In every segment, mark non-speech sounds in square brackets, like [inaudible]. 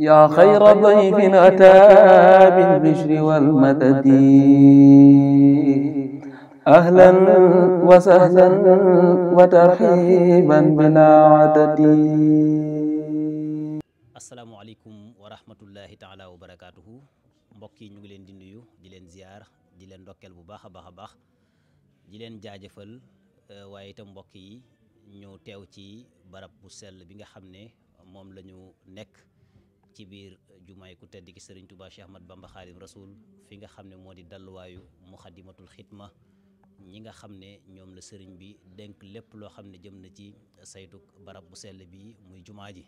yaa xayra dayfin ataa bil bishri wal madadi ahlan wa sahlan wa tarxiiban bilaa adadi. asalaamualeykum wa rahmatullahi taala wa barakaatuhu mbokk yi ñu ngi leen di nuyu di leen ziar di leen ndokkeel bu baax a baax a baax di leen jaajëfal waaye itam mbokk yi ñu teew ci barab bu sell bi nga xam ne moom la ñu nekk. ci biir jumaay ku tedd ki sëriñ Touba Cheikh Ahmad Bamba Xaadim Rasoul fi nga xam ne moo di dalluwaayu muxadimatul xidma ñi nga xam ne ñoom la sëriñ bi dénk lépp loo xam ne jëm na ci saytu barab bu sell bii muy jumaa ji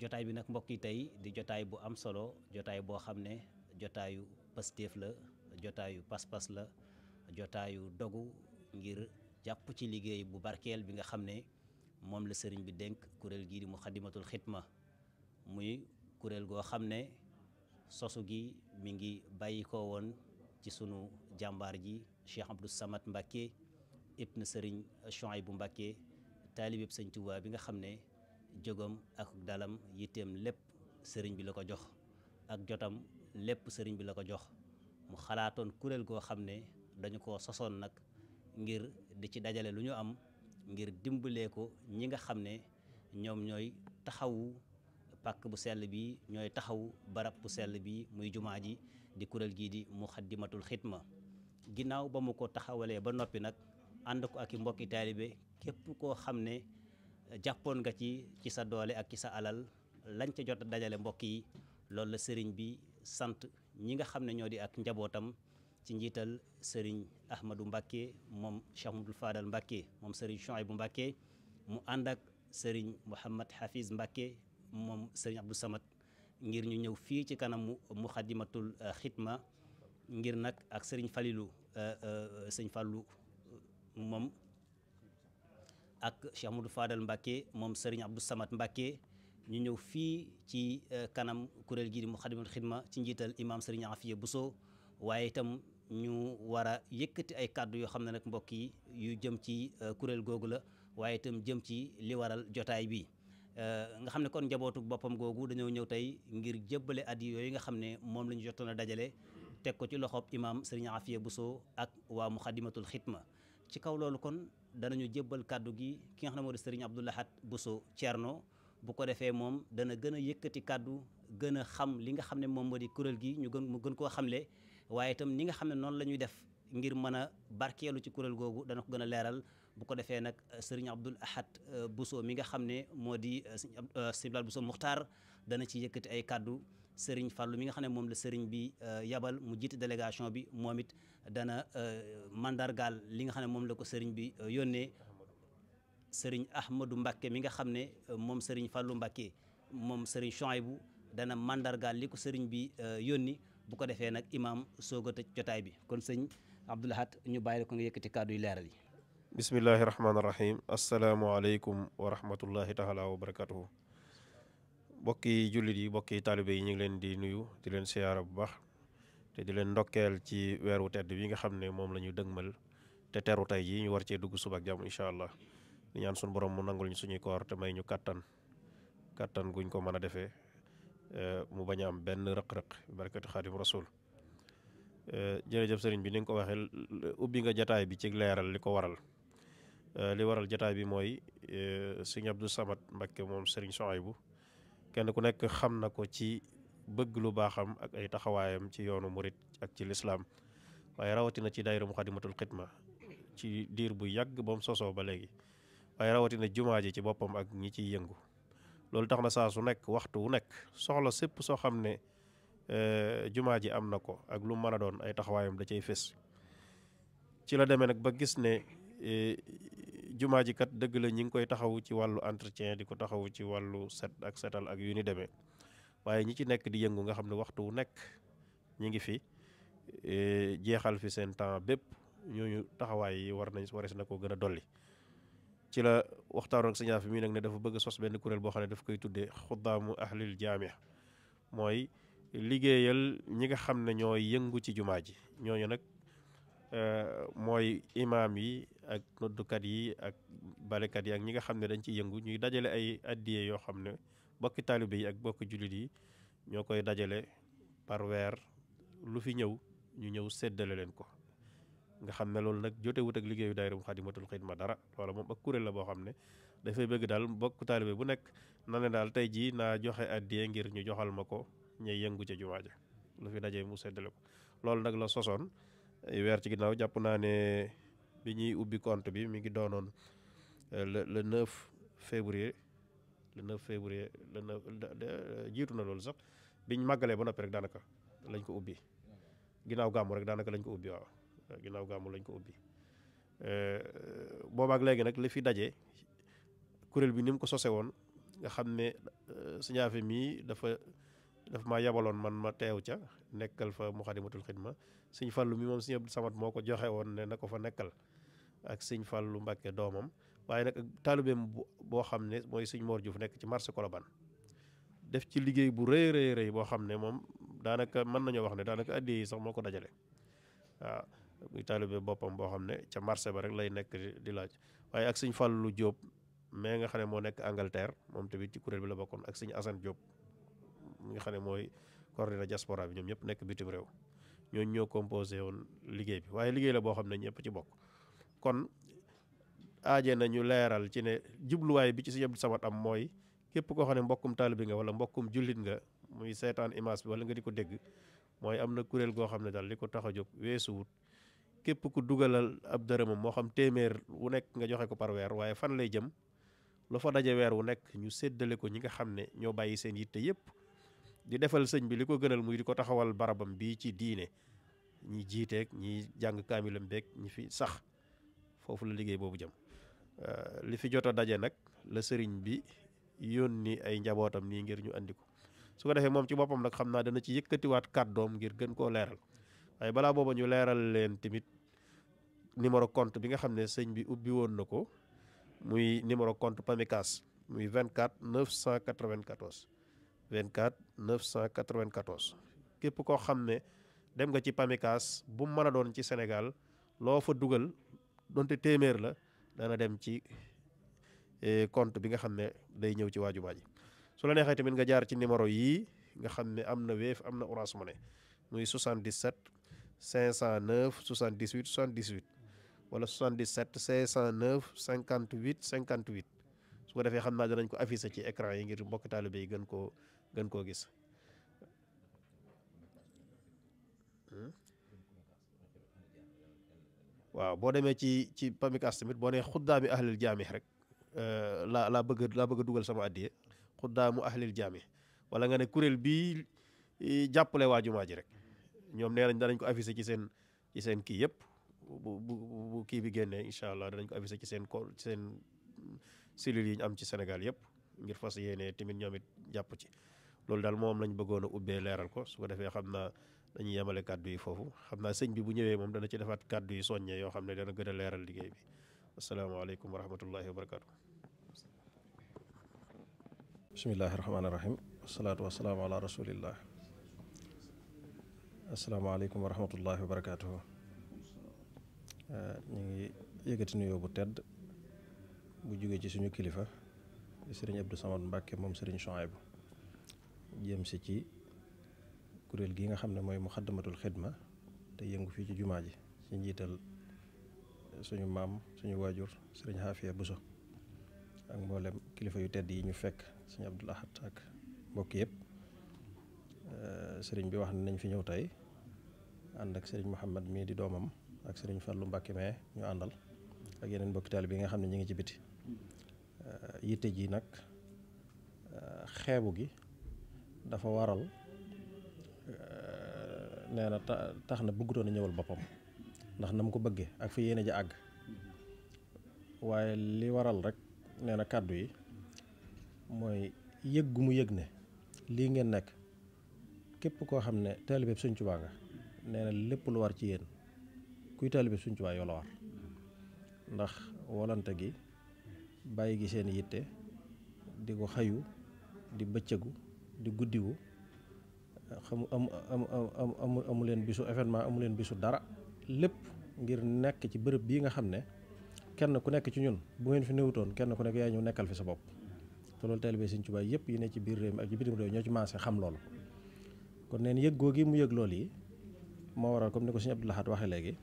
jotaay bi nag mbokk yi tey di jotaay bu am solo jotaay boo xam ne jotaayu pastéef la jotaayu pas-pas la jotaayu dogu ngir jàpp ci liggéey bu barkeel bi nga xam ne moom la sëriñ bi dénk kuréel gii di muxadimatul xidma muy kuréel goo xam ne sosu gi mu ngi bàyyi ko woon ci sunu jàmbaar ji Cheikh Abdou Samad Mbacke ibn Sëriñ Chouaïbou Mbacke taalibeb sëñ Tuubaa bi nga xam ne jógam ak dalam yitteem lépp sëriñ bi la ko jox ak jotam lépp sëriñ bi la ko jox mu xalaatoon kuréel goo xam ne dañu ko sosoon nag ngir di ci dajale lu ñu am ngir dimbalee ko ñi nga xam ne ñoom ñooy taxawu pàkk bu sell bi ñooy taxaw barab bu sell bi muy jumaa di kuréel gii di muxaddimatul xidma ginnaaw ba mu ko taxawalee ba noppi nag ànd ko ak i mbokki taalibe képp koo xam ne jàppoon nga ci ci sa doole ak ci sa alal lañ ca jot dajale mbokk yi loolu la sëriñ bi sant ñi nga xam ne ñoo di ak njabootam ci njiital sëriñ Ahmadou Mbacke moom Cheikh Mouhamadoul Fadal Mbacke moom sëriñ Chouaïbou Mbacke mu ànd ak sëriñ Mouhamad Hafiz Mbacke moom sëriñ Abdou samat ngir ñu ñëw fii ci kanamu Muxaddamatul euh, Xidma ngir nag ak sëriñ Falilou euh, euh, sëñ Fallou moom ak Cheikh Amadou Fadal Mbacke moom sëriñ Abdou samat Mbacke ñu ñëw fii ci kanam kuréel gi di Muxaddamatul Xidma ci njiital imaam sëriñ Afiya Bousso waaye itam ñu war a yëkkati ay kàddu yoo xam ne nag mbokk yi yu jëm ci kuréel googu la waaye itam jëm ci li waral jotaay bi Euh, nga xam ne kon njabootu boppam googu dañoo ñëw tey ngir jébbale at yi yooyu nga xam ne moom lañu ñu jotoon a dajale teg ko ci loxoob imaam Serigne Afia Bousso ak waa Muxaddamatul Xidma ci kaw loolu kon danañu jébbal kàddu gi ki nga xam ne moo di Serigne Abdou Lahad Bousso bu ko defee moom dana gën a yëkkati kàddu gën a xam li nga xam ne moom moo di kuréel gi ñu gën mu gën koo xam le waaye itam ni nga xam ne noonu la ñuy def ngir mën a barkeelu ci kuréel googu dana ko gën a leeral bu ko defee nag euh, sëriñ Abdul Ahad euh, Bousso mi nga xam ne moo di euh, sëriñ Abdul Bousso dana ci yëkkati ay kàddu sëriñ Fàllu mi nga xam ne moom la sëriñ bi yabal mu jiite délégation bi moom it dana mandargaal li nga xam ne moom la ko sëriñ bi yónnee sëriñ Ahmadou Mbacke mi nga xam ne moom sëriñ Fàllu Mbacke moom sëriñ Chouaïbou dana mandargaal li ko sëriñ bi yónni bu ko defee nag imaam soog a tëj jotaay bi kon sëñ Abdul Ahad ñu bàyyi la ko nga yëkkati kàddu yi leeral yi bismillahi rahmaani rahim asalaamualeykum wa rahmatullahi taala wa barakatuhu bokki jullit yi bokki taalibe yi ñu ngi leen di nuyu di leen siyaara bu baax te di leen ndokkeel ci weeru tedd bi nga xam ne moom la ñu dëgmal te teru tey yi ñu war cee dugg subak ak jàmm incha allah di ñaan suñu borom mu nangul ñu suñuy koor te may ñu kàttan kàttan guñ ko mën a defee eh, mu bañ am benn rëq-rëq barakati xaadim rasul eh, jërëjëf sëriñ bi ni nga ko waxee ubbi nga jataay bi ci leeral li ko waral Euh, li waral jataay bi mooy euh, sëñ du Samad Mbakke moom seriñ sëriñ Sohaybu kenn ku nekk xam na ko ci bëgg lu baaxam ak ay taxawaayam ci yoonu murit ak ci lislaam waaye rawatina ci daayira Muxaddamatul Xidma ci diir bu yàgg ba mu sosoo ba léegi waaye rawatina jumaa ji ci boppam ak ñi ciy yëngu loolu tax na saa su nekk waxtu wu nekk soxla sépp soo xam ne euh, jumaa ji am na ko ak lu mën a doon ay taxawaayam da cay fés ci la demee nag ba gis ne jumaa ji kat dëgg la ñi ngi koy taxawu ci wàllu entretien di ko taxawu ci wàllu set ak setal ak yu ni demee waaye ñi ci nekk di yëngu nga xam ne waxtu wu nekk ñi ngi fi eh, jeexal fi seen temps bépp ñooñu taxawaay yi war nañ si na koo gën a dolli ci la waxtaanoon ak sañaa fi mii nag ne dafa bëgg sos benn kuréel boo xam ne daf koy tuddee xuddaamu ahlil jaamia mooy liggéeyal ñi nga xam ne ñooy yëngu ci jumaa ji ñooñu nag Euh, mooy imaam yi ak noddukat yi ak balekat yi ak ñi nga xam ne dañ ciy yëngu ñuy dajale ay addiyee yoo xam ne bokki taalibe yi ak bokki jullit yi ñoo koy dajale par weer lu fi ñëw ñu ñëw seddale leen ko nga xam ne loolu nag jote wut ak liggéeyu daayira Muxaddamatul Xidma dara loola moom ak kuréel la boo xam ne dafay bëgg daal bokk taalibe bu nekk na ne daal tey jii naa joxe addiyee ngir ñu joxal ma ko ñay yëngu ca jumaa ja lu fi dajee mu seddale ko loolu nag weer ci ginnaaw jàpp naa ne bi ñuy ubbi compte bi mi ngi doonoon euh, le le 9 février le 9 février le 9 jiitu na loolu sax biñ màggalee ba noppi rek daanaka lañ ko ubbi ginnaaw gàmmu rek daanaka lañ ko ubbi waaw ginnaaw gàmmu lañ ko ubbi euh, boobaak léegi nag li fi daje kuréel bi ni mu ko sose nga xam ne euh, Sëñ Afe mii dafa. daf maa yabaloon man ma teew ca nekkal fa mu muxadimatul xidma sëñ fàllu mii moom sëñ Abdou moo ko joxe woon ne na ko fa nekkal ak sëñ fàllu Mbàkke doomam waaye nag taalibeem boo xam ne mooy sëñ Mor Diouf nekk ci marché Colobane def ci liggéey bu rëy rëy rëy boo xam ne moom daanaka mën nañoo wax ne daanaka addiya yi sax moo ko dajale waaw muy taalibe boppam boo xam ne ca marché ba rek lay nekk di laaj waaye ak sëñ fàllu Diop mais nga xam ne moo nekk Angleterre moom tamit ci kuréel bi la bokkoon ak sëñ Assane Diop mi nga xam ne mooy coordinateur diaspora bi ñoom ñëpp nekk bitim réew ñooñu ñoo composé woon liggéey bi waaye liggéey la boo xam ne ñëpp ci bokk kon aaje nañu leeral ci ne jubluwaay bi ci Sëriñ Abdou Samad am mooy képp koo xam ne mbokkum taalibe nga wala mbokkum jullit nga muy seetaan image bi wala nga di ko dégg mooy am na kuréel goo xam ne daal li ko tax a jóg weesuwut képp ku dugalal ab dërëmam moo xam téeméer wu nekk nga joxe ko par weer waaye fan lay jëm lu fa weer wu nekk ñu séddale ko ñi nga xam ne ñoo bàyyi seen yitte yépp di defal sëñ bi li ko gënal muy di ko taxawal barabam bii ci diine ñi jiiteeg ñi jàng kaamilam beeg ñi fi sax foofu la liggéey boobu jëm euh, li fi jot a daje nag la sëriñ bi yónni ay njabootam nii ngir ñu indi ko su ko defee moom ci boppam nag xam naa dana ci yëkkatiwaat doom ngir gën koo leeral waaye balaa booba ñu leeral leen tamit numéro compte bi nga xam ne sëñ bi ubbi woon na ko muy numéro compte PAMECAS muy 24 994. 24 994 képp koo xam ne dem nga ci Pamecas bu mu mën a doon ci Sénégal loo fa dugal donte téeméer la daana dem ci eh, compte bi nga xam ne day ñëw ci waajumaa ji su la neexee tamit nga jaar ci numéro yii nga xam ne am na Wave am na Orange Money muy 77 509 78 78 wala 77 509 58 58. su ko defee xam naa danañ ko affiché ci écran yi ngir mbokk taalibe yi gën koo gën koo gis waaw boo demee ci ci pamicas tamit boo nee xuddaamu ahlil jaami rek euh, laa laa bëgg laa bëgg a dugal sama addiye xuddaamu ahlil jaami wala nga ne kuréel bii jàppale waa jumaa ji rek ñoom nee nañ danañ ko affiché ci seen ci seen kii yëpp bu bu bu kii bi génnee incha allah danañ ko affiché ci seen ko ci seen cellules yi ñu am ci Sénégal yëpp ngir fas yéene tamit ñoom jàpp ci loolu daal moom lañ bëggoon a ubbee leeral ko su ko defee xam naa dañu yemale kàddu yi foofu xam naa sëñ bi bu ñëwee moom dana ci defaat kàddu yi soññee yoo xam ne dana gën a leeral liggéey bi asalaamaaleykum wa rahmatullahi wa barakaatu. bismillahi rahmaani rahim wasalaatu wasalaamu ala rasulillah asalaamaaleykum wa rahmatullahi wa barakaatu. ñu ngi yëkkati nuyoo bu tedd. bu jógee ci suñu kilifa sëriñ Abdou Samad Mbàkke moom sëriñ Chouaïbou jëm si ci kuréel gi nga xam ne mooy muxaddamatul xidma te yëngu fii ci jumaa ji ci njiital suñu maam suñu waajur sëriñ Xaafiya Buso ak mboolem kilifa yu tedd yi ñu fekk sëriñ Abdul Ahad ak mbokk yëpp euh, sëriñ bi wax nañ fi ñëw tey ànd ak sëriñ Mouhamad mii di doomam ak sëriñ Fàllu Mbàkke mee ñu àndal ak yeneen mbokki taalibe yi nga xam ne ñu ngi ci biti Euh, yitte ji nag euh, xeebu gi dafa waral euh, nee na tax na bëggutoon a ñëwal boppam ndax na mu ko bëggee ak fi yéene ja àgg waaye li waral rek nee na kàddu yi mooy yëg gu mu yëg ne lii ngeen nekk képp koo xam ne taalibeeb Sëñ Tuubaa nga nee lépp lu war ci yéen kuy taalibeeb Sëñ Tuubaa yoo la war ndax wolante gi bàyyi gi seen yitte di ko xayu di bëccëgu di guddiwu xamu amu amu amu leen bisu événement amu leen bisu dara lépp ngir nekk ci bërëb bii nga xam ne kenn ku nekk ci ñun bu ngeen fi néewutoon kenn ku nekk yaa ñëw nekkal fi sa bopp te loolu taalibe Sëriñ Tuubaa yëpp yi ne ci biir réew mi ak ci bitim réew ñoo ci maase xam loolu kon neen yëg googi mu yëg lool yi moo waral comme ni ko Sëriñ Abdou Lahad waxee léegi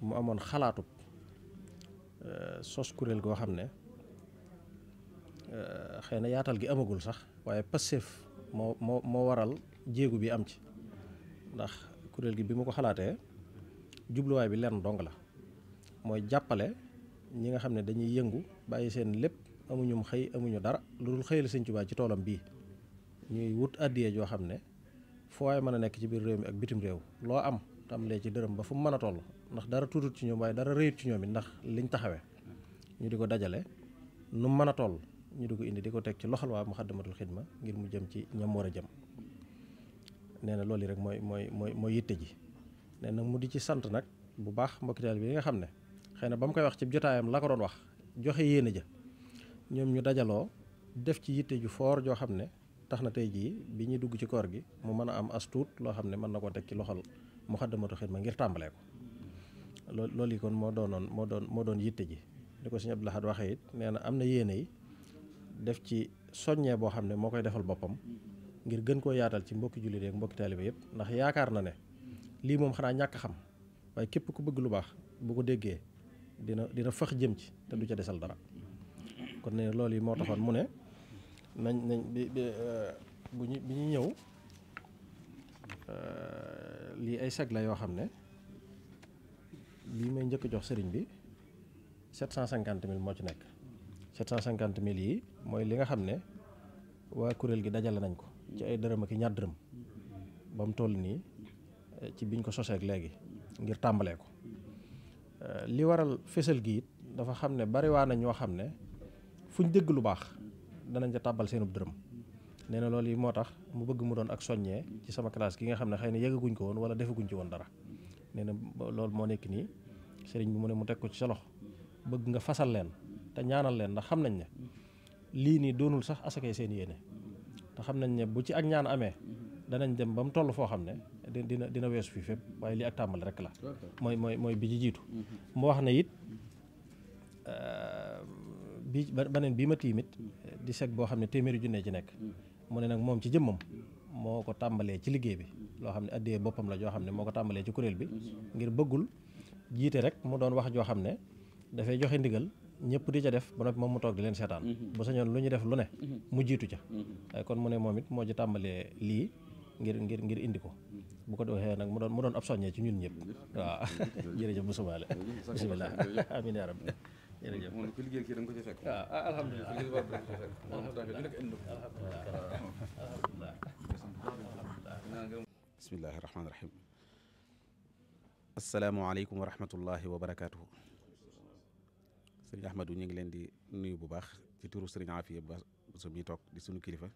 mu amoon xalaatu euh, sos kuréel goo xam ne Euh, xëy na yaatal gi amagul sax waaye Pastef moo moo moo waral jéegu bi am ci ndax kuréel gi bi mu ko xalaatee jubluwaay bi lenn dong la mooy jàppale ñi nga xam ne dañuy yëngu bàyyi seen lépp amuñum xëy amuñu dara lu dul xëyal Sëñ Tuubaa ci toolam bii ñuy wut àddiyee joo xam ne foo waay mën a nekk ci biir réew mi ak bitim réew loo am tàmbalee ci dërëm ba fu mu mën a toll ndax dara tuutut ci ñoom waaye dara rëyut ci ñoom it ndax liñ taxawee ñu di ko dajale nu mën a toll ñu dugg indi di ko teg ci loxol waa mu Muxaddamatul Xidma ngir mu jëm ci ñam war a jëm nee lool loolu rek mooy mooy mooy mooy yitte ji nee na mu di ci sant nag bu baax mbokki bi yi nga xam ne xëy na ba mu koy wax ci jotaayam la ko doon wax joxe yéene ja ñoom ñu dajaloo def ci yitte ju foor joo xam ne tax na tey jii bi ñuy dugg ci koor gi mu mën a am as loo xam ne mën na koo teg ci loxol Muxaddamatul Xidma ngir tàmbalee ko loolu loolu yi kon moo doonoon moo doon moo doon yitte ji ni ko sëñ Abdul Ahad waxee it nee na am na yéene yi def ci soññee boo xam ne moo koy defal boppam ngir gën koo yaatal ci mbokki jullit yeeg mbokki taalibe yëpp ndax yaakaar na ne lii moom xanaa ñàkk xam waaye képp ku bëgg lu baax bu ko déggee dina dina fax jëm ci te du ca desal dara kon ne loolu yi moo taxoon mu ne nañ nañ bi euh, bu ñu bi ñu ñëw euh, lii ay seg yoo xam ne lii may njëkk jox sëriñ bi 750 000 moo ci nekk sept cent cinquante mille yi mooy li nga xam ne waa kuréel gi dajale nañ ko ci ay dërëm ak i ñaar dërëm ba mu toll nii eh, ci biñ ko soseek léegi ngir tàmbalee ko eh, li waral fésal gi it dafa xam ne bari waa nañ ñoo xam ne fuñ dégg lu baax danañ ca tàbbal seenub dërëm nee na loolu yi moo tax mu bëgg mu doon ak soññee ci sama kalaas gi nga xam ne xëy na yeggaguñ ko woon wala defaguñ ci woon dara nee na moo nekk nii sëriñ bi mu ne mu teg ko ci sa bëgg nga fasal leen te ñaanal leen ndax xam nañ ne lii nii doonul sax asakay seen yéene te xam nañ ne bu ci ak ñaan amee danañ dem ba mu toll foo xam ne dina dina weesu fii fépp waaye lii ak tàmbali rek la mooy mooy bi ci jiitu mm-hmm. mu wax ne it euh, bi beneen bii ma tiimit di set boo xam ne téeméeri junne ci nekk mm-hmm. mu ne nag moom ci jëmmam moo ko tàmbalee ci liggéey bi loo xam ne addee boppam la joo xam ne moo ko tàmbalee ci kuréel bi mm-hmm. ngir bëggul jiite rek mu doon wax joo xam ne dafay joxe ndigal ñépp di ca def ba noppi moom mu toog di leen seetaan mhm. bu sañoon lu ñu def lu ne mhm. mu jiitu ca mhm. eh, kon mu ne moom it moo ci tàmbalee lii ngir ngir ngir indi ko bu ko doxee nag mu doon mu doon ab soññee ci ñun ñëpp waaw [laughs] jërëjëf bu subaale bisimilah amin yaa rabbi jërëjëf moom ku liggéey kii da nga ko sëriñ Ahmadou ñu ngi leen di nuyu bu baax ci turu sëriñ Afiya ba su mi toog di sunu kilifa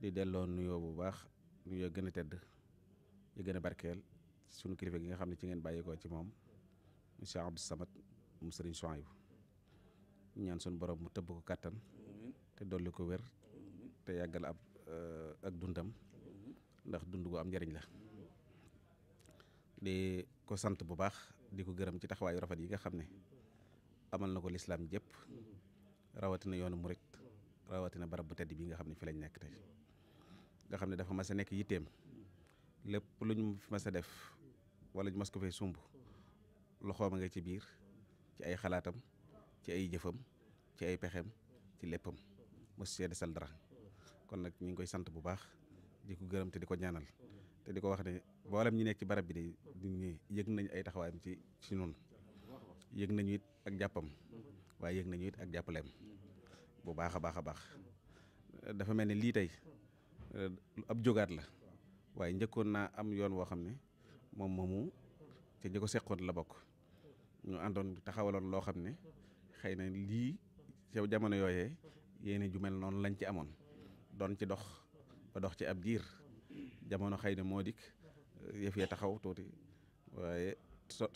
di delloo nuyoo bu baax nuyoo gën a tëdd yi gën a barkeel suñu kilifa gi nga xam ne ci ngeen bàyyeekoo ci moom monsieur Abdou Samad mu sëriñ Chouaïb ñaan suñu borom mu tëbb ko kàttan te dolli ko wér te yàggal ab euh, ak dundam ndax dund gu am njariñ la di ko sant bu baax di ko gërëm ci taxawaayu rafet yi nga xam ne amal na ko lislaam jëpp rawatina yoonu mu rek rawatina barab bu tedd bii nga xam ne fi lañ nekk tey nga xam ne dafa mas a nekk yitteem lépp lu ñu fi mas a def wala ñu mas ko fee sumb loxoom a nga ci biir ci ay xalaatam ci ay jëfam ci ay pexem ci léppam mos see desal dara kon nag ñu ngi koy sant bu baax di ko gërëm te di ko ñaanal te di ko wax ne boolam ñu nekk ci barab bi de di yëg nañ ay taxawaayam ci ci noonu yëg nañu it ak jàppam waaye yëg nañu yit ak jàppaleem bu baax a baax a baax dafa mel ni lii tey ab jógaat la waaye njëkkoon naa am yoon woo xam ne moom moomu te ñi ko seqoon la bokk ñu àndoon taxawaloon loo xam ne xëy na lii ca jamono yooye yéene ju mel noonu lañ ci amoon doon ci dox ba dox ci ab diir jamono xëy na moo dikk yëf ya taxaw tuuti waaye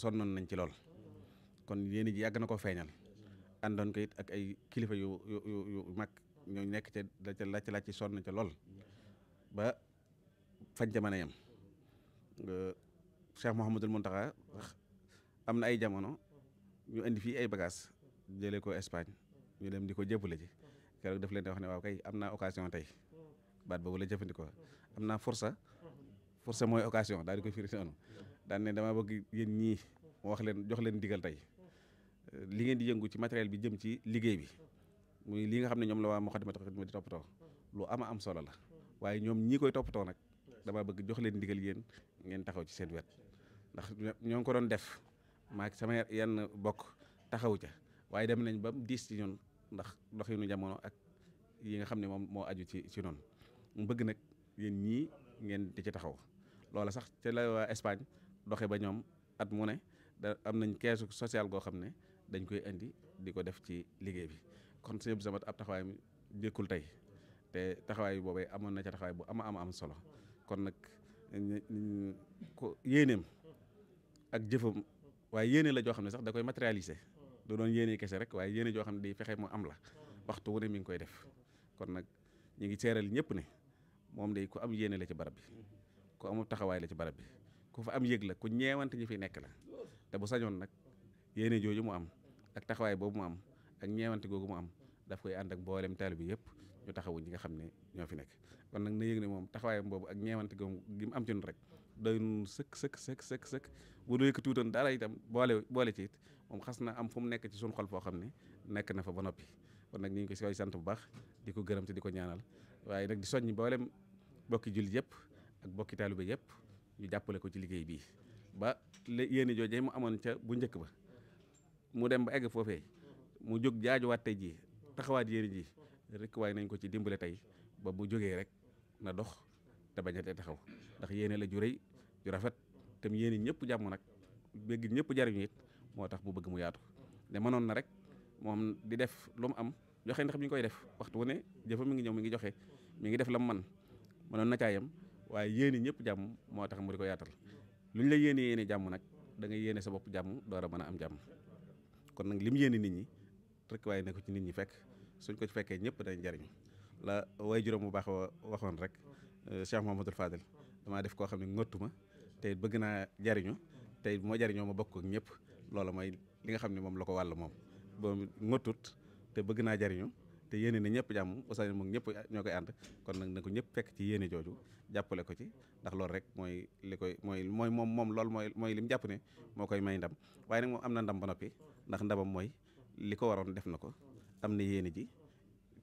sonnoon nañ ci lool kon yéen ji yàgg na ko feeñal àndoon ko ak ay kilifa yu yu yu mag ñoo nekk ca la ca la ci sonn ca lool ba fañ ca yam a yem Cheikh Mouhamadul am na ay jamono ñu indi fii ay bagages jëlee ko Espagne ñu dem di ko jëppale ci keroog daf leen di wax ne waaw kay am naa occasion tey baat boobu la jëfandikoo am naa force force mooy occasion daal di koy firi si noonu daan ne dama bëgg yéen ñii wax leen jox leen digal tey. li ngeen di yëngu ci matériel bi jëm ci liggéey bi muy li nga xam ne ñoom la waa Moukhaddamatoul Khidma di toppatoo lu ama am solo la waaye ñoom ñii koy toppatoo nag damaa bëgg jox leen ndigal yéen ngeen taxaw ci seen wet ndax ñoo ngi ko doon def maak sama yenn bokk taxaw ca waaye dem nañ ba mu diis ci ñun ndax doxinu jamono ak yi nga xam ne moom moo aju ci ci noonu mu bëgg nag yéen ñii ngeen di ci taxaw loola sax te la waa Espagne doxe ba ñoom at mu ne da am nañ keesu social goo xam ne dañ koy indi di ko def ci liggéey bi kon sëñ Abdou ab taxawaay mi jëkkul tey te taxawaay boobee amoon na ca taxawaay bu ama ama am solo kon nag ko yéeneem ak jëfam waaye la joo xam ne sax da koy matérialiser du doon yéene kese rek waaye yéene joo xam ne day fexe mu am la waxtu wu ne mi ngi koy def kon nag ñu ngi seeral ñëpp ne moom day ku am yéene la ci barab bi taxawaay la ci barab bi ku am yëg la ku ñeewante ñi fi nekk la te bu sañoon nag yéene jooju mu am ak taxawaay boobu mu am ak ñeewante googu mu am daf koy ànd ak mboolem taalibe bi yëpp ñu taxawu ñi nga xam ne ñoo fi nekk kon nag na yëg ne moom taxawaay boobu ak ñeewante googu gi mu am ci nun rek sëkk sëkk sëkk sëkk sëkk bu doy ko tuutoon dara itam boole boole ci moom xas na am fu mu nekk ci suñu xol foo xam ne nekk na fa ba noppi kon nag ñu ko si koy sant bu baax di ko gërëm te di ko ñaanal waaye nag di soññ mboolem bokki jullit yëpp ak bokki taalibe yëpp ñu jàppale ko ci liggéey bii ba yéeni joojee mu amoon ca bu njëkk ba mu dem ba egg foofee mu jóg jaajuwaat tey jii taxawaat yéen ji rek waaye nañ ko ci dimbale tey ba bu jógee rek na dox te bañ te taxaw ndax yéene la ju rëy ju rafet te yéene ñëpp jàmm nag bëgg ñëpp jariñu it moo tax bu bëgg mu yaatu te mënoon na rek moom di def lu mu am joxe ndax mi ngi koy def waxtu wu ne jëfa mi ngi ñëw mi ngi joxe mi ngi def la mu man mënoon na caayam waaye yéene ñëpp jàmm moo tax mu di ko yaatal lu ñu la yéene yéene jàmm nag da nga yéene sa bopp jàmm door a mën a am jàmm kon nag lim yéene nit ñi rek waaye ne ci nit ñi fekk suñ ko ci fekkee ñëpp dañ jariñu la way juróom bu baax waxoon rek euh, Cheikh Mouhamadoul Fadel damaa def koo xam ne ma tey bëgg naa jariñu tey bu ma jariñoo ma bokk ak ñëpp loolu mooy li nga xam ne moom la ko wàll moom ba ngottut te bëgg naa jariñu te yéene na ñëpp jàmm Wassare moom ñëpp ñoo koy ànd kon nag na ko ñëpp fekk ci yéene jooju jàppale ko ci ndax loolu rek mooy li koy mooy mooy moom moom loolu mooy mooy li mu jàpp ne moo koy may ndam waaye nag moom am na ndam ba noppi ndax ndamam mooy li ko waroon def na ko am na yéene ji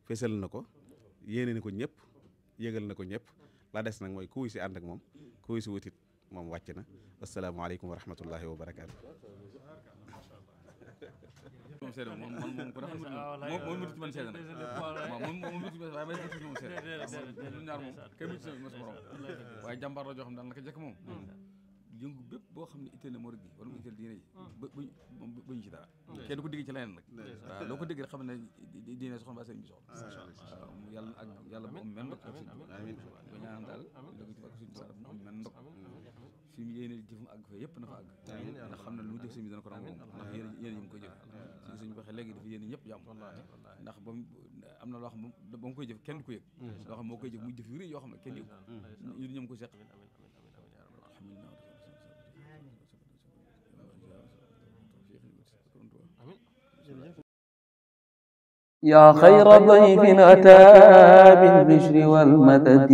fésal na ko yéene na ko ñëpp yëgal na ko ñëpp la des nag mooy ku wuy si ànd ak moom ku wuy si wutit moom wàcc na asalaamaaleykum wa rahmatullahi wa barakaatu moom seede moom man moom ku rafet moom mutu ci man seede nag moom moom mutu ci waaye may moom seede ñun ñaar moom kay mutu moom yëngu bépp boo xam ne itteel na morit gi wala mu itteel diine ji ba moom ba ci dara kenn du ko dégg ci leneen nag loo ko dégg rek xam ne diine soxla ba sëriñ bi soxla waaw yàlla ak yàlla bu am men ndog ak sëriñ bi ñaan ci barke sëriñ bi mu fi mu yéene jëfum àgg fa yëpp na fa àgg ndax xam na lu mu jëf sëñ bi dana ko nangu moom ndax yéen yéen yi mu koy jëf suñu sëñ bi waxee léegi dafa yéene ñëpp jàmm ndax ba mu am na loo xam ne ba mu koy jëf kenn du ko yëg loo xam moo koy jëf mu jëf yu rëy yoo xam ne kenn yëg ñu ñoom ko seq alhamdulilah يا خير ضيف أتى بالبشر والمدد